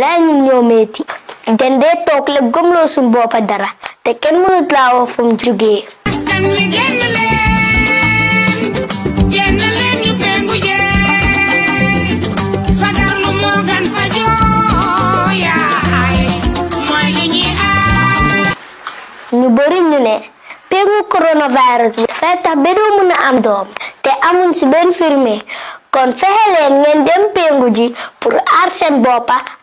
laa ñu ñoo metti gan dee toog la gëmloo boppa dara te kenn mënut laa wax fu mu jógee ñu bëri ñu ne péngu coronavirus bi tax ba doo am doom te amuñ ci benn firme kon fexe leen ngeen dem péngu ji pour aar seen boppa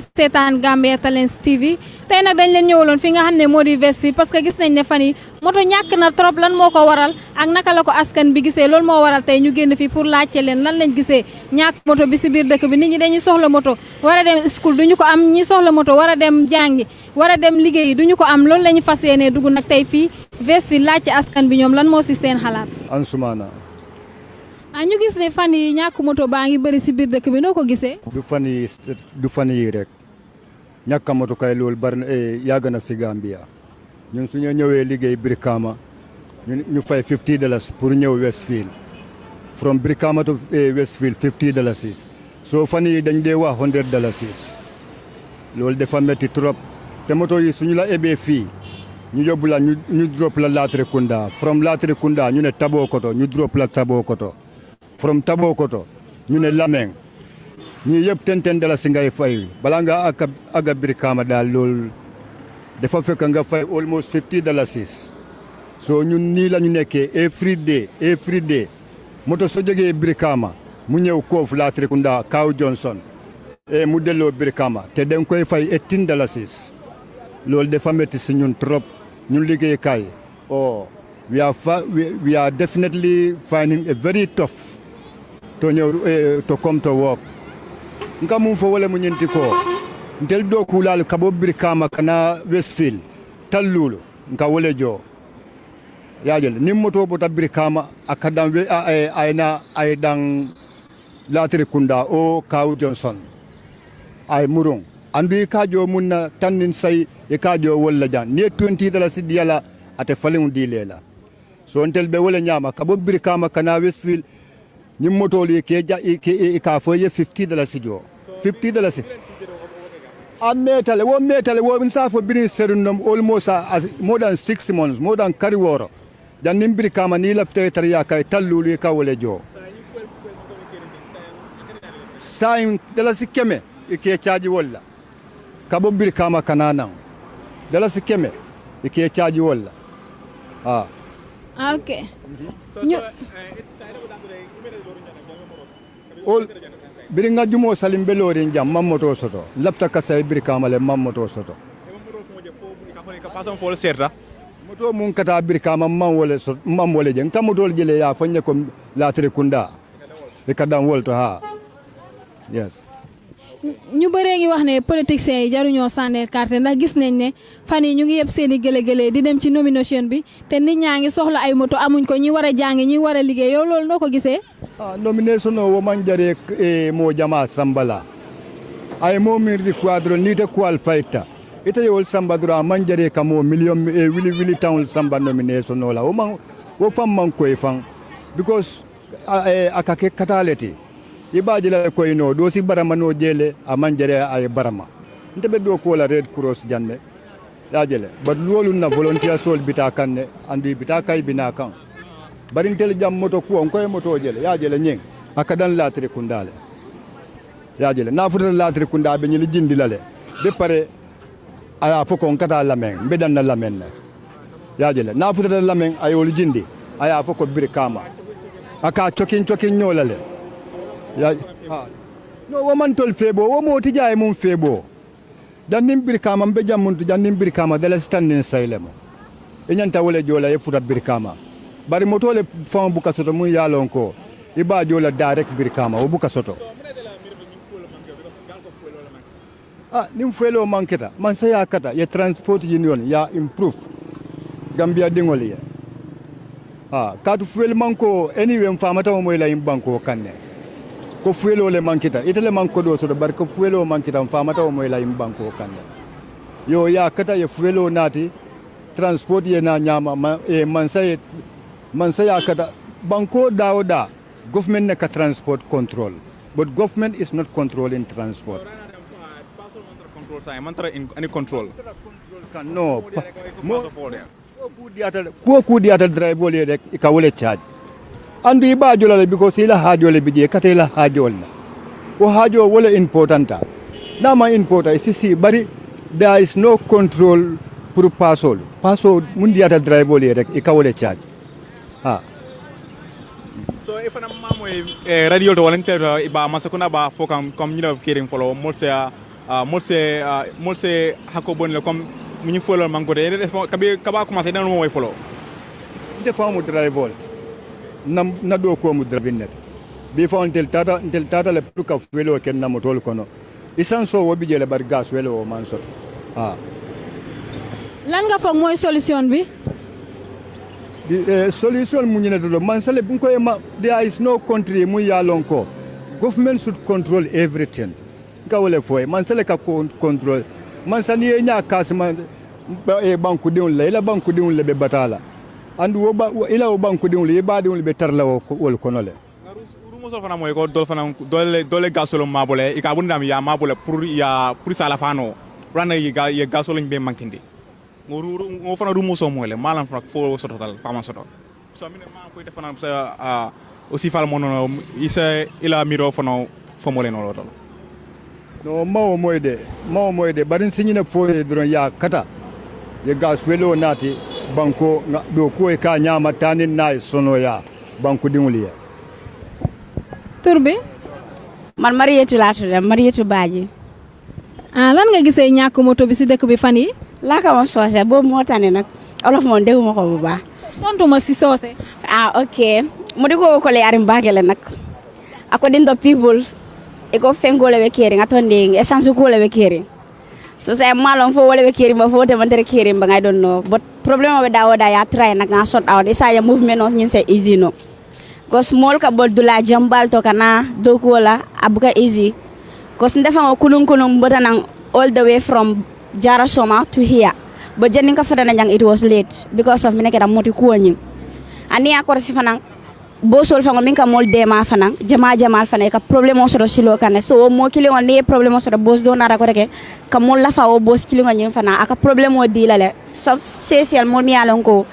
seetaan Gambian Talents TV tey nag dañ leen ñëwaloon fi nga xam ne moo di vest bi parce que gis nañ ne fan yi moto ñàkk na trop lan moo ko waral ak naka la ko askan bi gisee loolu moo waral tey ñu génn fi pour laajte leen lan lañ gisee ñàkk moto bi si biir dëkk bi nit ñi dañuy soxla moto war a dem school duñu ko am ñi soxla moto war a dem jàngi war a dem liggéeyi duñu ko am loolu la ñu fas yéenee dugg nag tey fii vees bi laajte askan bi ñoom lan moo si seen xalaat Ansoumana ah ñu gis ne fan yi ñàkk moto baa ngi bëri si biir dëkk bi noo ko gisee. du fan yi du fan yi rek ñàkk moto kay loolu bari na eh, yàgg na si Gambia ñun su ñu ñëwee liggéey Brikama ñu ñu fay 50 dollars pour ñëw Westfield from Brikama to eh, Westfield 50 dollars soo fan dañ dee wax 100 dollars loolu dafa metti trop te moto yi suñu la ebee fii. ñu yóbbu ñu drop la Latrikunda from Latrikunda ñu ne Tabokoto ñu drop la Tabokoto from Tabokoto ñu ne Lameng ñu yëpp ten-ten dalasi ngay fay balaa nga aka aga Brikama daal loolu dafa fekk nga fay almost fifty dalasis soo ñun nii la ñu nekkee de e every day moto so jógee Brikama mu ñëw Koof Latrikunda Kaw Johnson e mu delloo Brikama te danga koy fay eighteen dalasis loolu dafa métti si ñun trop ñun liggéeykaay oh we are we are definitely finding a very tough Eh, to ñew eh, to kom to wok nka mum fo wala mu ñenti ko ntel do kulal kabo bir kama kana westfield tallulo nka wala jo yajel nim moto bo tabir kama akadam we eh, ayna ay dan latri kunda o kaw johnson ay murung andu ka jo munna tannin sai e ka jo wala jan ni 20 e dala sidiyala ate di lela so ntel be wala nyama kabo bir kama kana westfield ñim li ke ja ke ka fo ye 50 de la jo 50 de la si a metale wo metale wo sa min safo biri serundum almost as more than 6 months more than kari woro dan nim bir kama ni la lafte tar ya kay talu li ka wala jo sayin dollars keme ke chaaji ka bo bir kama kanana de dollars keme ke chaaji walla ah okay so, so, uh, ol biri jumoo salim beloorin jam maŋ motoo soto lafita kasa e i biri kaama le maŋ motoo soto motoo muŋ kata taa biri kaama maŋ wo le maŋ wo le je nka motoolu je le ye a fo n ko laatiri kundaa i e ka daŋ wolu to haa yes ñu bëree ngi wax ne politiciens yi jaruñoo sànnee carte ndax gis nañ ne fan yi ñu ngi yëpp seen i gëlé-gëlé di dem ci nomination bi te nit ñaa ngi soxla ay moto amuñ ko ñi war a jàng ñi war a liggéey yow loolu noo ko gisee ah nomination o man e mo jamaa sambala ay mo di quadro ni te qualifyta ita yol samba dura manjare ka mo million e wili wili tawul samba nomination o la wo man wo fam man koy fam because eh, akake kataleti i b'a jela ko ino dosi barama no jele aman jere ay barama nte do ko la red cross janne ya jele bad lolun na volunteer sol bita kanne andu bita kay bina kan barin tel jam moto ko on moto jele ya jele nyeng akadan latri le ya jele na futal latri kunda be nyili jindi la le be pare aya foko on kata lamen be dan na lamen na ya jele na futal lamen ayol jindi aya foko bir kama aka chokin chokin le ya no wo man tol febo wo mo ti jaay mum febo jannin birkama mbe jammuntu jannin birkama dala standin saylemo e ñanta wole jola e futa birkama bari motole fan buka soto mun yalon ko i ba jola direct birkama wo buka soto ah nin fuelo manketa man saya kata ye transport union ya improve gambia dingol ye ah katu fuel manko anyway famata mo la im banko kanne ko fuelo le mankita itele manko do soto bar ko fuelo mankita famata o moy layim banko kanda yo ya kata ye fuelo naati transport ye na ñaama e mansa ye mansa ya kata banko dawo da government ne ka transport control but government is not controlling transport no kuwo kudiyata driveol wole rek i ka wole charge andu i ɓa jolale because ila haajole bi jee kata la haajool la wo haajo wala important a nama important sisi bari there is no control pour pasol paso mu ndiyata drivol ye rek i kawole caaji ha so e fana mamoye eh, radio to i baa ma masakuna ba fo kam comme la kirin folo molse uh, molse uh, hako hakko le comme muñi folol def kabi kaba commencé nanu moy folo nde famu drivol na ɗo komu dravinnete bifo ntel tata ntel tata le pour ka welo ken na motol kono isan so wobi jele bar gas welo o man soto ha lan nga fog moy solution bi di eh, solution mu ñene do man sale bu ko ma there is no country mu ya lon ko government should control everything ka wala foy man sale ka control man ni nya kas man e banku diun la ila banku diun le be batala andu wo ba ila wo bankudiŋo le i baadeŋolu be tara la wolu kono le musol fana moy ko dol fana dole dole gasolo mabole i ka bunda ya mabole pour ya pour sala fano rana yi ga gasolo be mankinde nguru ngo fana ru muso mole malan fana fo soto dal soto so mine ma ko te sa a aussi fal ila miro fana fo mole no dol no mawo moy de mawo moy de barin signe fo dron ya kata nati banko ɗo kuwoy e ka ñama tanin nayi sonoya banko ɗimoliya tur man Mariétou laa tudd Mariétou ah, lan nga gisee ñàkk moto bi dëkk bi fan yi laa ko ma soose boobu moo tane nag olof moom dégguma ko bu baax tontuma mu soose ah ok mo ɗi ko ko le nak according to people eko fengole ɓe keering a tonde essence kole ɓe keering fo wole ɓe keering fo temantere keering ba ngay ɗon no but problema ɓe dawoda ya train nak na sot awde sadia movement o ñin se usine o gos mol ka bol dula jambal to kana dokuwola abuka easy gos ndefan o kulun kulun botanan all the way from jarasoma to here bo janin ka fotana jang it was late because of mine keda moti kuwoñin ani akor si fanan bo fanga min ka mol de ma fana jama jamal fana ka problème on soro silo kané so mo kili on ne problème on soro bos do na ko reke ka mol lafa o bos kili on fana aka problème o dila le spécial mo mi alon ko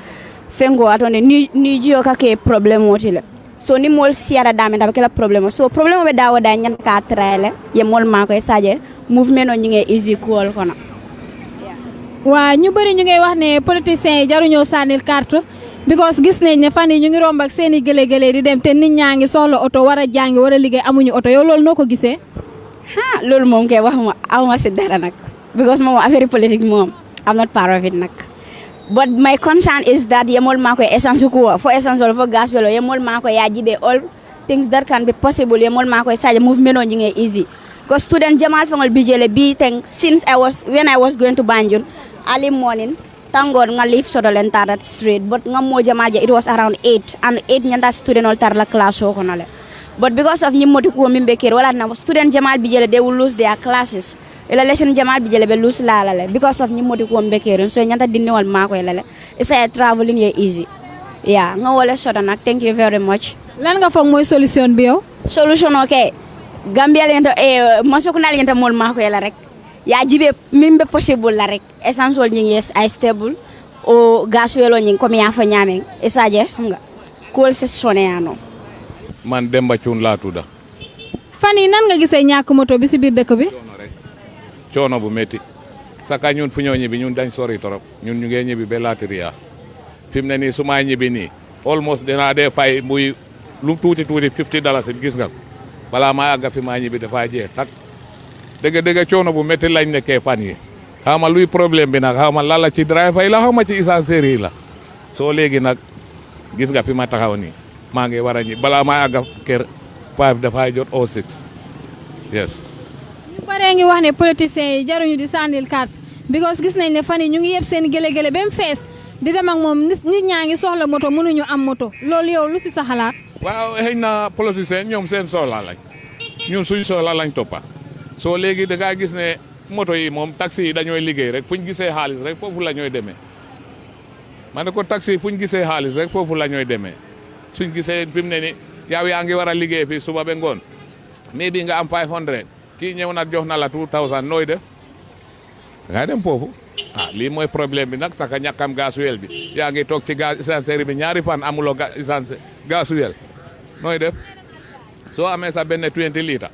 fengo atone ni ni jio ka ke problème o tile so ni mol siara dame da kala problème so problème be dawo da nyan ka trele ye mol ma ko e saje movement on ngi easy cool kono wa ñu bari ñu ngi wax né politiciens jaru ñoo sanil carte because gis nañ ne fan yi ñu ngi romb ak seen gële-gële di dem te ni ñaa ngi soxla oto war a jàngi war a liggéey amuñu oto yow loolu noo ko gisee ah loolu moom kay aw ma si dara nag because moom affaire politique moom am not part of it nag but my concern is that yemol mako essence ko for essence wala for gas wala yemol mako ya jibe all things that can be possible yemol mako saje movement on jinge easy because student jamal fangol bijele bi thing since i was when i was going to banjul early thank God nga leave soto len tara straight but nga moja maja it was around 8 and 8 nyanda student all tarla class kono le but because of nyim moti ko mimbe ker wala na student jamal bi jele they will lose their classes ila lesson jamal bi jele be lose la la le because of nyim moti ko mimbe ker so nyanda dinni wal ma la le it's a traveling ye easy yeah nga wala soto nak thank you very much lan nga fokk moy solution bi yow solution e eh, masokuna lento mol ma ya jibe min be possible la rek essential ñi yes ay stable o gaswelo ñi comme ya fa ñame Esaje, xam nga kool se ano man demba ciun la tuda fani nan nga gisee ñak moto bi ci bir dekk bi coono bu metti saka ñun fu ñoo ñibi ñun dañ sori torop ñun ñu ngey ñibi be latiria fim ne ni suma ñibi ni almost dina de fay muy lu tuuti tuuti 50 dollars gis nga bala ma aga fi ma ñibi dafa jé tak dëgg dëgg coono bu métti lañ nekkee fan yi ma luy problème bi nag xaw ma lala ci driver yi la xaw ma ci essence yi la soo léegi nag gis nga fi ma taxaw nii maa ngi war a ñi balaa maa àgg kër 5 dafay jot au 6 yes. ñu bare ngi wax ne politiciens yi jaruñu di sànnil carte because gis nañ ne fan yi ñu ngi yeb seen gëlëgëlë ba mu fees di dem ak moom nit ñaa ngi soxla moto mënuñu am moto loolu yow lu si sa xalaat. waaw xëy na politiciens ñoom seen soxla lañ ñun suñ soxla lañ toppa soo léegi da ngaa gis ne moto yi moom taxi yi dañooy liggéey rek fu ñu gisee xaalis rek foofu la ñooy deme ma ne ko taxi yi fu ñu gisee xaalis rek foofu la ñooy demee suñ gisee fi mu ne ni yow yaa ngi war a liggéey fii suba ba ngoon mais bi nga am 500 kii ñëw na jox na la 2000 nooy def nga dem foofu ah lii mooy problème bi nag saka ñàkkam gaasuwel bi yaa ngi toog ci gaz essence bi ñaari fan amulo essence gaasuwel nooy def soo amee sa benn 20 litre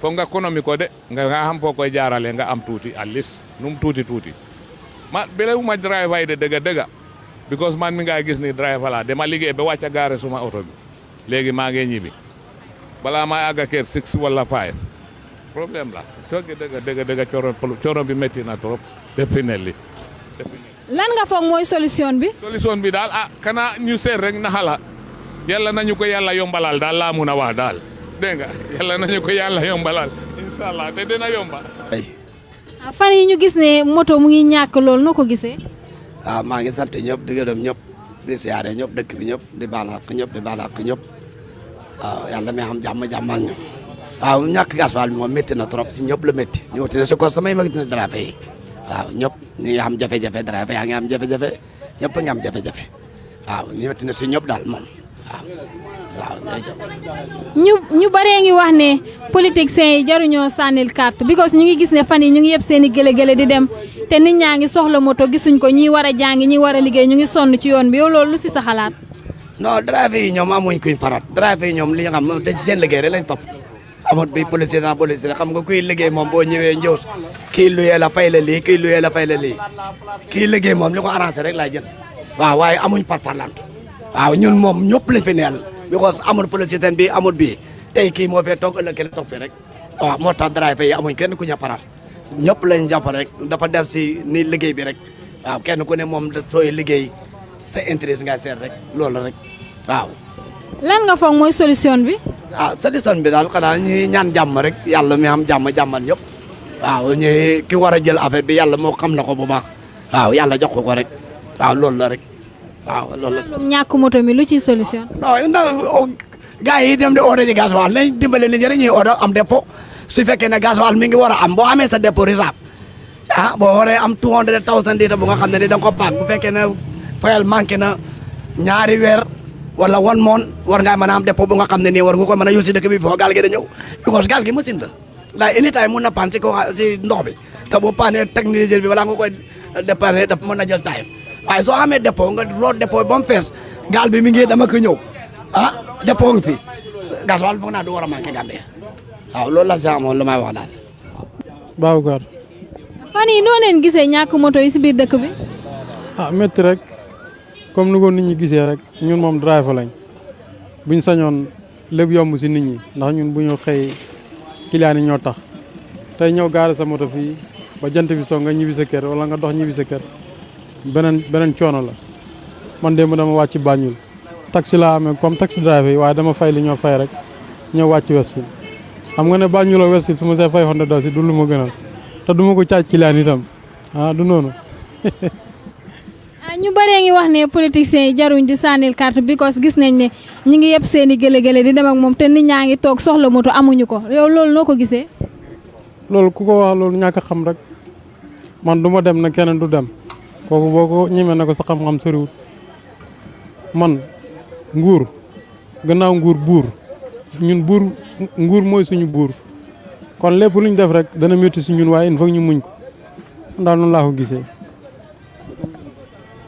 foog nga konomi ko de nga xam foo koy jaarale nga am tuuti at least num tuuti tuuti ma belewuma driver yi de dëgg dëgg because man mi ngaa gis ni driver laa dama liggéey ba wàcc a gaare suma oto bi léegi maa ngi ñibbi balaa maa àgg kër six problème la coogi dëgg dëgg dëgg coono coono bi métti na trop definitely lan nga foog mooy solution bi solution bi daal ah kana ñu seet rek naxala yàlla nañu ko yàlla yombalal daal laa mun a wax daal dégg nga na nañu ko yàlla yombalal incha allah te dina yomba. Ah, fan yi ñu gis ne moto mu ngi ñàkk lool noo ko gisee. waaw ah, maa ngi sant ñëpp di gërëm ñëpp di siyaare ñëpp dëkk bi ñëpp di baal àq ñëpp di baal àq ñëpp waaw yàlla may xam jàmm jàmmal ñu. waaw ñàkk gasoil bi moom métti na trop si ñëpp la métti ñu wuti na si ko samay mag dina drape ñëpp ñi xam jafe-jafe drape yaa ngi jafe-jafe ñëpp nga am jafe-jafe waaw ñu na si daal moom waaw jërëjëf. ñu ñu baree ngi wax ne politiciens yi jaruñoo sànnil carte because ñu ngi gis ne fan yi ñu ngi yëpp seen i gëlëgëlë di dem te nit ñaa ngi soxla moto gisuñ ko ñi war a jàngi ñi war liggéey ñu ngi sonn ci yoon bi yow loolu lu si sa xalaat. non driver ñoom amuñ kuñ parat driver yi ñoom li nga xam te ci seen liggéey rek lañ topp amut bi policier na policier xam nga kuy liggéey moom boo ñëwee njëw kii luyee la fay le lii kii luyee la fay la lii kii liggéey moom li ko arrangé rek laay jël waaw waaye amuñ par parlant waaw moom ñëpp lañ fi neel because amul président bi amul bii tey kii moo fee toog ëllëg kenn toog fee rek waaw moo tax driver yi amuñ kenn ku ñu paral ñëpp lañ jàppal rek dafa def si ni liggéey bi rek waaw kenn ku ne moom sooy liggéey sa intérêt nga seet rek lool rek waaw. lan nga foog mooy solution bi. ah solution bi daal xanaa ñuy ñaan jàmm rek yàlla mi am jàmm jàmmal ñëpp waaw ñu ki war a jël affaire bi yàlla moo xam na ko bu baax waaw jox ko ko rek waaw loolu la rek. waaw loolu la. ñàkk moto mi lu ci solution. non non oh, gars yi dem de odo ji gasoil nañ dimbale nit ñi rek ñuy odo am dépôt su fekkee ne gasoil mi ngi war am boo amee sa dépôt reserve ah, boo waree am two hundred thousand litre bu nga xam ne ni da nga ko paak fekkee ne fayal manqué na ñaari weer wala one moon war ngaa man am dépôt bu nga xam ne nii war nga ko mën a yusi dëkk bi foo gaal gi da ñëw because gi machine la ndax anytime mun na pan si ko ndox bi te bu paanee technicien bi balaa nga koy dépanner daf mën na jël time waaye soo amee dépôt nga root dépôt ba fees gaal bi mi dama ko ñëw ah fi gasoil war a manqué loolu la si amoon wax daal. fan yii noo leen gisee ñàkk moto yi si dëkk bi. ah métti rek comme nu ko nit ñi gisee rek ñun moom driver lañ buñ sañoon lépp yomb si nit ñi ndax ñun bu ñu xëy client ñoo tax te ñëw gaare sa moto fii ba jant bi soo nga ñibbi sa kër wala nga dox ñibbi sa kër. beneen beneen coono la man démb dama wàcc Banjul taxi laa amee comme taxi driver yi waaye dama fay li ñoo fay rek ñëw wàcc Westfield xam nga ne Banjul ak Westfield su ma see fay Honda daw si du lu ma gënal te du ma ko caaj client itam ah du noonu ah, ñu bëree ngi wax ne politiciens yi jaruñ di sànnil carte because gis nañ ne ñu ngi yëpp seeni i gëlëgëlë di dem ak moom te ni ñaa ngi toog soxla moto amuñu ko yow loolu noo ko gisee loolu ku ko wax loolu ñàkk xam rek man du ma dem na keneen du dem kooku boo ko ñemee na ko sa xam-xam soriwut man nguur gannaaw nguur buur ñun buur nguur mooy suñu buur kon lépp lu ñu def rek dana métti si ñun waaye il faut ñu muñ ko daal noonu laa ko gisee.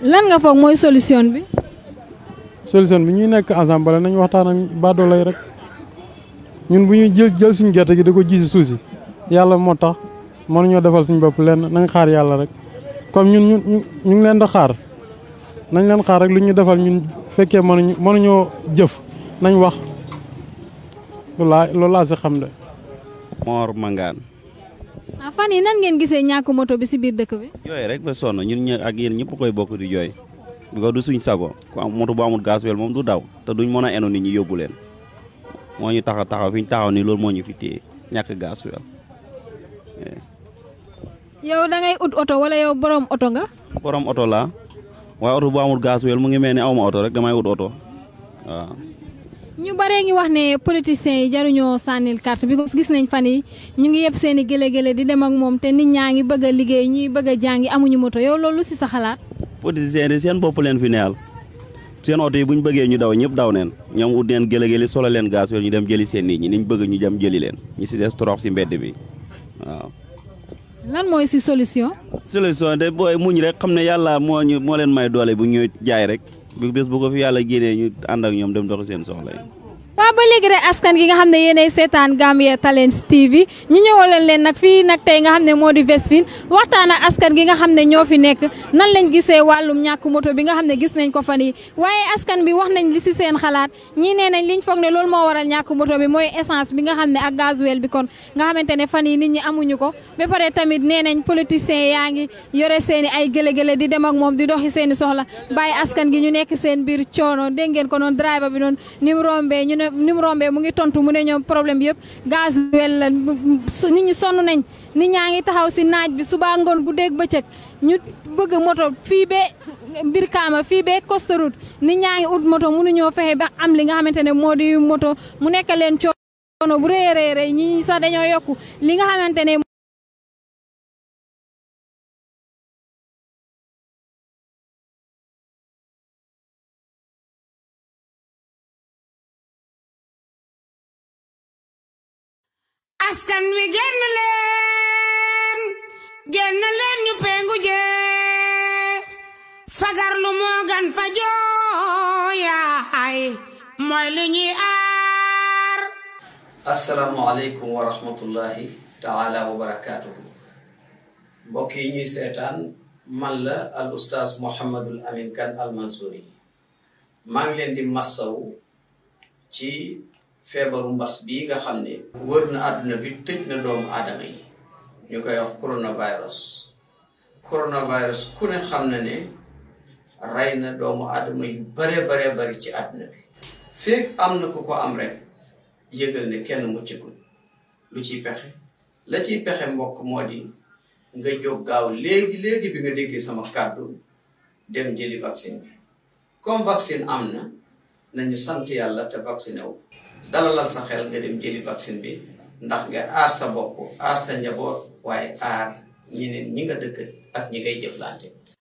lan nga foog mooy solution bi. solution bi ñuy nekk ensemble nañ waxtaan ak baadolay rek ñun bu ñuy jël jël suñu gerte gi da ko ji si si yàlla moo tax mënuñoo defal suñu bopp na nañ xaar yàlla rek. kon ñun ñu ngi leen di xaar nañ leen xaar rek lu ñu defal ñun fekkee mënuñu mënuñoo jëf nañ wax loolu laa si xam de. Mor Mangane. ah fan yi nan ngeen gisee ñàkk moto bi si biir dëkk bi. jooy rek ba sonn ñun ñë ak yéen ñëpp koy bokk di jooy. bi du suñ sago ku am moto bu amul gasoil moom du daw te duñ mën a eno nit ñi yóbbu leen moo ñu taxa taxaw fi ñu taxaw nii loolu moo ñu fi téye ñàkk gasoil yow da ngay ut auto wala yow borom auto nga borom auto la waaye auto bu amul gaasuwel mu ngi melni awma auto rek damay ut auto wa ñu bare ngi wax ne politiciens yi ñoo sanil carte bi gis nañ fani ñu ngi yeb seeni gele gele di dem ak mom te nit ñaangi bëgg liggey ñi bëgg amuñu moto yow lolu si sa xalaat politiciens yi seen bop leen fi neyal seen auto yi buñ bëgge gele ñu daw ñep daw neen ñoom ut neen gele gele solo leen gaasuwel ñu dem jëli seen nit ñi niñ bëgg ñu dem jëli leen ñi ci des ci mbedd bi waaw lan mooy si solution. solution de booy muñ rek xam ne yàlla moo ñu moo leen may doole bu ñuy jaay rek bu bés bu ko fi yàlla génnee ñu ànd ak ñoom dem doxi seen soxla yi. waaw ba léegi rek askan gi nga xam ne yéenay seetaan Gambia Talents TV ñu ñëwaloon leen nag fii nag tey nga xam ne moo di Vestfyn waxtaan ak askan gi nga xam ne ñoo fi nekk nan lañ gisee wàllum ñàkk moto bi nga xam ne gis nañ ko fan yi waaye askan bi wax nañ li si seen xalaat ñii nee nañ liñ foog ne loolu moo waral ñàkk moto bi mooy essence bi nga xam ne ak gasoil bi kon nga xamante ne fan yi nit ñi amuñu ko ba pare tamit nee nañ politiciens yaa ngi yore seen i ay gëlëgëlë di dem ak moom di doxi seen i soxla bàyyi askan gi ñu nekk seen biir coono dégg ngeen ko bi noonu ne ni mu rombee mu ngi tontu mu ne ñoom problème bi yëpp gasoil la nit ñi sonn nañ nit ñaa ngi taxaw si naaj bi suba ngoon bu dégg bëccëg ñu bëgg moto fii be mbir fii bee Coste ni nit ñaa ngi ut moto mënuñoo fexe ba am li nga xamante ne moo di moto mu nekk leen coono bu rëy a ñi sax dañoo yokku li nga askan wi génn leen génn ñu pengu je fagar lu mo gan fajo fa jooyaay mooy lu ñuy aar asalaamualeykum wa rahmatullahi taala wa barakatuhu mbokk yi ñuy man la al oustaz mohammadul amin kan al mansouri maa ngi di massaw ci feebaru mbas bi nga xam ne wër na àdduna bi tëj na doomu aadama yi ñu koy wax coronavirus coronavirus ku ne xam na ne rey na doomu aadama yu bare bare bari ci àdduna bi feeg am na ku ko am rek yëgal ne kenn muccagul lu ciy pexe la ciy pexe mbokk moo di nga jóg gaaw léegi léegi bi nga déggee sama kàddu dem jëli vaccin bi comme vaccin am na nañu sant yàlla te vacciné dalalal sa xel nga dem jëli vaccine bi ndax nga aar sa bopp aar sa njaboot waaye aar ñeneen ñi nga dëkk ak ñi ngay jëflante